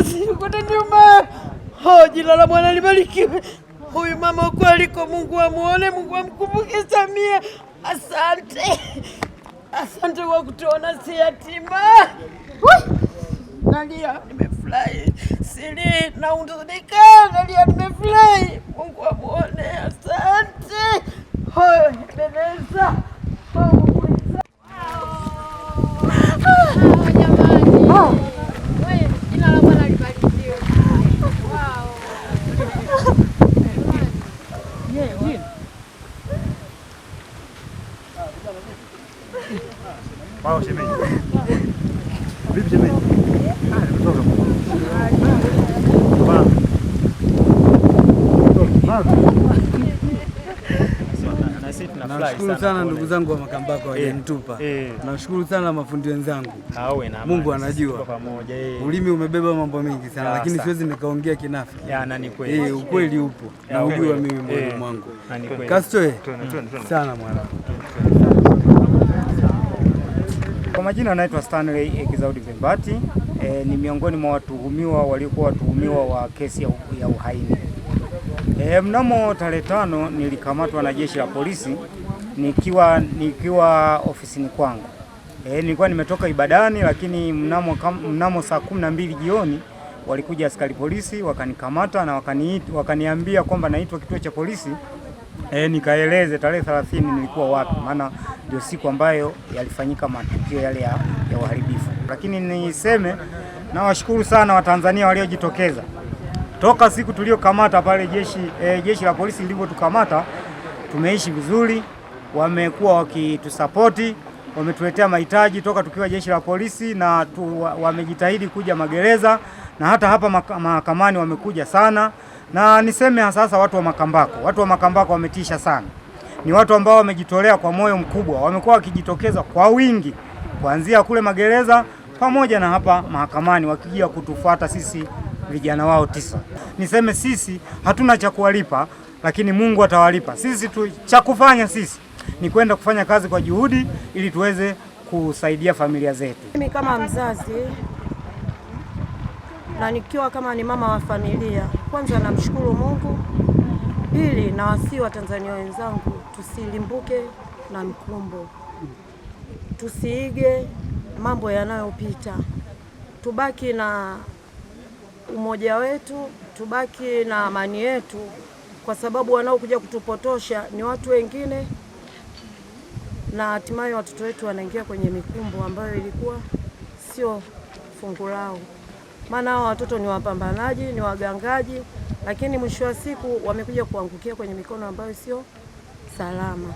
usikute nyuma. Oh, jina la Bwana libarikiwe. Huyu mama uko aliko, Mungu amuone, Mungu amkumbuke. Samia, asante, asante kwa kutuona si yatima. Nalia, nimefurahi sili, nahuzunika. Nalia, nimefurahi. Mungu amuone. Wao shemeji. Vipi shemeji? Nashukuru sana ndugu zangu wa Makambako eh, wajentupa eh. Nashukuru sana mafundi wenzangu, Mungu anajua eh. ulimi umebeba mambo mengi sana, lakini siwezi nikaongea kinafiki. Ukweli upo na mimi mwalimu mwangu. Kastoe sana mwanangu. majina anaitwa Stanley Exaudi Vembati. E, ni miongoni mwa watuhumiwa waliokuwa watuhumiwa wa kesi ya, ya uhaini. E, mnamo tarehe tano nilikamatwa na jeshi la polisi nikiwa nikiwa ofisini kwangu. E, nilikuwa nimetoka ibadani, lakini mnamo, mnamo saa kumi na mbili jioni walikuja askari polisi wakanikamata na wakani, wakaniambia kwamba naitwa kituo cha polisi e, nikaeleze tarehe 30 nilikuwa wapi maana ndio siku ambayo yalifanyika matukio yale ya, ya uharibifu. Lakini niseme nawashukuru sana Watanzania waliojitokeza toka siku tuliokamata pale jeshi, eh, jeshi la polisi lilivyotukamata. Tumeishi vizuri, wamekuwa wakitusapoti, wametuletea mahitaji toka tukiwa jeshi la polisi na tu, wamejitahidi kuja magereza na hata hapa mahakamani wamekuja sana, na niseme sasa watu wa Makambako, watu wa Makambako wametisha sana ni watu ambao wamejitolea kwa moyo mkubwa, wamekuwa wakijitokeza kwa wingi kuanzia kule magereza pamoja na hapa mahakamani wakija kutufuata sisi vijana wao tisa. Niseme sisi hatuna cha kuwalipa, lakini Mungu atawalipa. Sisi tu cha kufanya sisi ni kwenda kufanya kazi kwa juhudi ili tuweze kusaidia familia zetu. Mimi kama mzazi na nikiwa kama ni mama wa familia, kwanza namshukuru Mungu Pili, na wasii wa Tanzania wenzangu tusilimbuke na mkumbo, tusiige mambo yanayopita, tubaki na umoja wetu, tubaki na amani yetu, kwa sababu wanaokuja kutupotosha ni watu wengine, na hatimaye watoto wetu wanaingia kwenye mikumbo ambayo ilikuwa sio fungu lao maana hao watoto ni wapambanaji, ni wagangaji, lakini mwisho wa siku wamekuja kuangukia kwenye mikono ambayo sio salama.